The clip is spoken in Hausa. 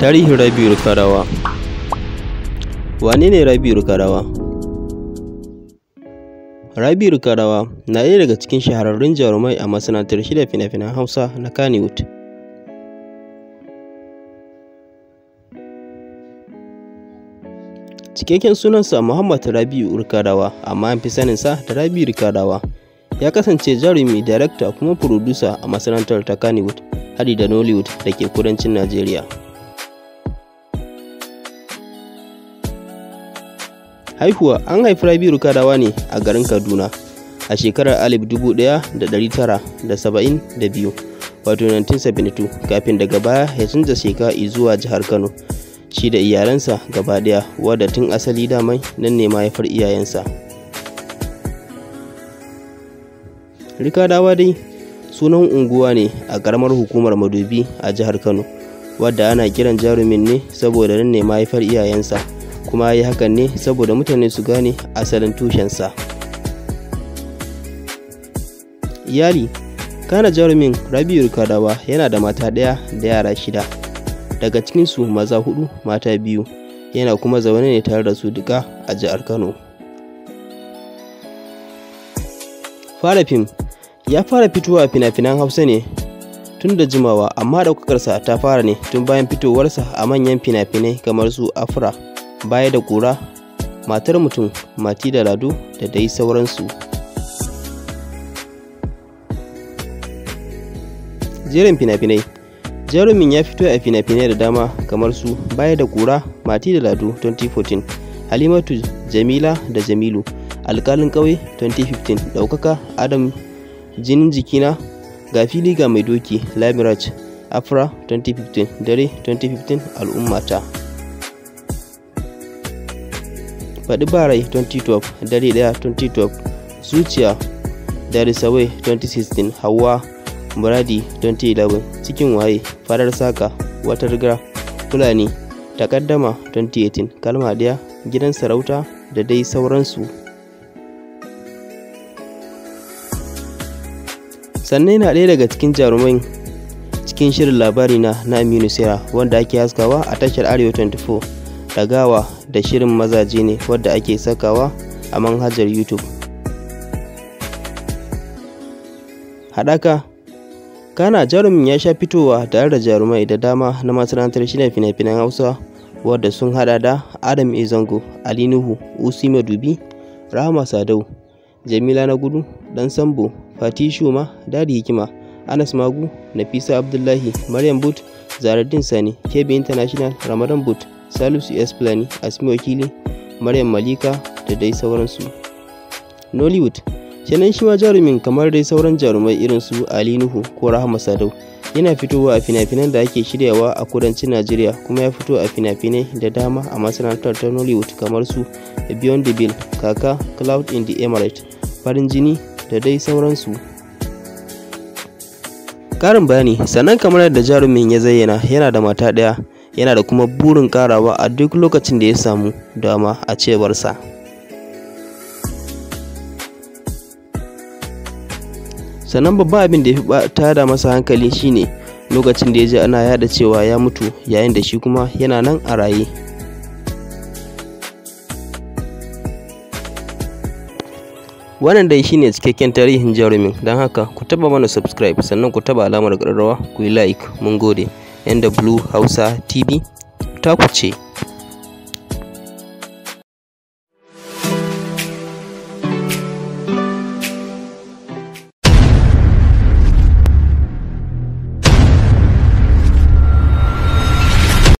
Tarihin Rabi'ul Karawa Wane ne Karawa? Karawa na ɗaya daga cikin shahararrun jarumai a masana'antar shida fina-finan Hausa na Kaniwood. Cikakken sunansa Muhammad Rabi'u Karawa, amma an fi saninsa da Rabi'u Karawa. Ya kasance jarumi, darakta kuma furodusa a masana'antar ta Kaniwood hadi da Nollywood da ke kudancin Najeriya. haihuwa an haifi rabiru kadawa ne a garin kaduna a shekarar 1972 wato 1972 kafin daga baya ya canza sheka zuwa jihar kano shi da iyalansa gaba daya wadda tun asali damai nan ne mahaifar iyayensa rikadawa dai sunan unguwa ne a karamar hukumar madobi a jihar kano wadda ana kiran jarumin ne saboda nan ne mahaifar iyayensa kuma ya hakan ne saboda mutane su gane asalin tushensa iyali kana jarumin rabiu kadawa yana da mata ɗaya da yara shida daga cikinsu maza hudu mata biyu yana kuma zaune ne tare da su duka a jihar kano fara fim ya fara fitowa fina-finan hausa ne tun da jimawa amma ɗaukakarsa ta fara ne tun bayan fitowarsa a manyan fina-finai kamar su afra baya da ƙura matar mutum mati da lado da dai sauransu jerin fina-finai jarumin ya fito a fina-finai da dama kamar su baya da ƙura mati da lado 2014 halimatu jamila da jamilu alkalin ƙauye 2015 ɗaukaka adam jinin jikina ga fili ga mai doki labiraj afra 2015 dare 2015 al'ummata faɗi barai 2012 dare ɗaya 2012 zuciya darisawai 2016 hawa muradi 2011 cikin waye farar saka watar gra fulani takaddama 2018 kalma ɗaya gidan sarauta da dai sauransu sannan yana ɗaya daga cikin jaruman cikin shirin labari na na aminu Sera, wanda ake haskawa a tashar arewa 24 da gawa. da shirin mazaje ne wadda ake sakawa a manhajar YouTube. Haɗaka Kana jarumin ya sha fitowa tare da jarumai da dama na masana'antar shirya fina-finan Hausa wadda sun haɗa da Adam Izango, Ali Nuhu, Usi Madubi, Rahama Sadau, Jamila na gudu, Dan Sambo, Fati Dadi Hikima, Anas Magu, Nafisa Abdullahi, Maryam But, Zaradin sani kb international ramadan boot salisu s plani asmi wakili maryam malika da dai sauransu nollywood kenan shi ma jarumin kamar dai sauran jarumai irin su ali nuhu ko rahama sadau yana fitowa a fina-finan da ake shiryawa a kudancin najeriya kuma ya fito a fina-finai da dama a masana'antar ta nollywood kamar su beyond the bill kaka cloud in the emirate farin jini da dai sauransu karin bayani sannan kamar yadda jarumin ya zayyana yana da mata ɗaya yana da kuma burin karawa a duk lokacin da ya samu dama a cewarsa sannan babban abin da ya fi tada masa hankali shine lokacin da ya ji ana yada cewa ya mutu yayin da shi kuma yana nan a raye wannan dai shine cikakken tarihin jarumin don haka ku taba mana subscribe sannan ku taba alamar ƙararrawa ku yi like mun gode blue hausa tv ta ku ce